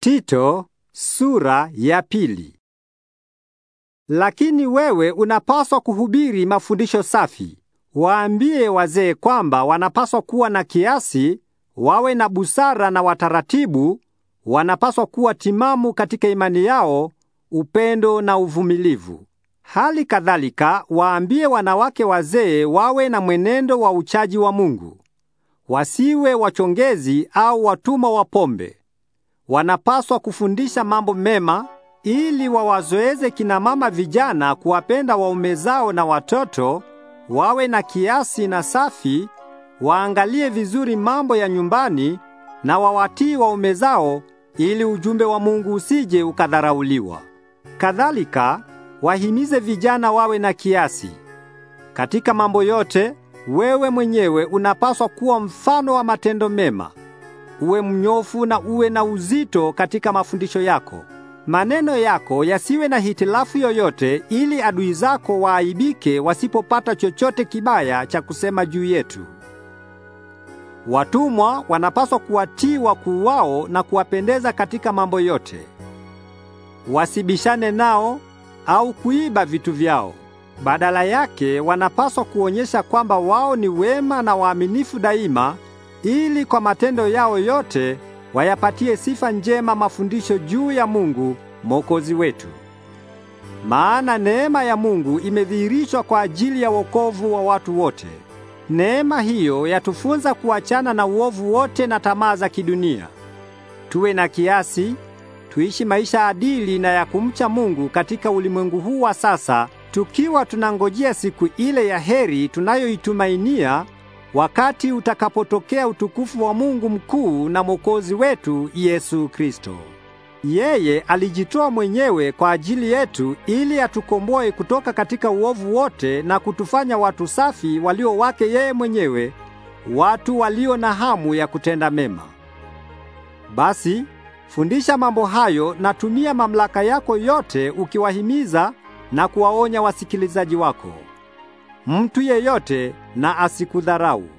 Tito sura ya pili. Lakini wewe unapaswa kuhubiri mafundisho safi. Waambie wazee kwamba wanapaswa kuwa na kiasi, wawe na busara na wataratibu, wanapaswa kuwa timamu katika imani yao, upendo na uvumilivu. Hali kadhalika, waambie wanawake wazee wawe na mwenendo wa uchaji wa Mungu. Wasiwe wachongezi au watumwa wa pombe. Wanapaswa kufundisha mambo mema ili wawazoeze kina mama vijana kuwapenda waume zao na watoto, wawe na kiasi na safi, waangalie vizuri mambo ya nyumbani na wawatii waume zao ili ujumbe wa Mungu usije ukadharauliwa. Kadhalika, wahimize vijana wawe na kiasi. Katika mambo yote, wewe mwenyewe unapaswa kuwa mfano wa matendo mema uwe mnyofu na uwe na uzito katika mafundisho yako. Maneno yako yasiwe na hitilafu yoyote, ili adui zako waaibike wasipopata chochote kibaya cha kusema juu yetu. Watumwa wanapaswa kuwatii wakuu wao na kuwapendeza katika mambo yote. Wasibishane nao au kuiba vitu vyao. Badala yake wanapaswa kuonyesha kwamba wao ni wema na waaminifu daima ili kwa matendo yao yote wayapatie sifa njema mafundisho juu ya Mungu Mwokozi wetu. Maana neema ya Mungu imedhihirishwa kwa ajili ya wokovu wa watu wote. Neema hiyo yatufunza kuachana na uovu wote na tamaa za kidunia. Tuwe na kiasi, tuishi maisha adili na ya kumcha Mungu katika ulimwengu huu wa sasa, tukiwa tunangojea siku ile ya heri tunayoitumainia wakati utakapotokea utukufu wa Mungu mkuu na Mwokozi wetu Yesu Kristo. Yeye alijitoa mwenyewe kwa ajili yetu ili atukomboe kutoka katika uovu wote na kutufanya watu safi walio wake yeye mwenyewe, watu walio na hamu ya kutenda mema. Basi fundisha mambo hayo na tumia mamlaka yako yote ukiwahimiza na kuwaonya wasikilizaji wako. Mtu yeyote na asikudharau.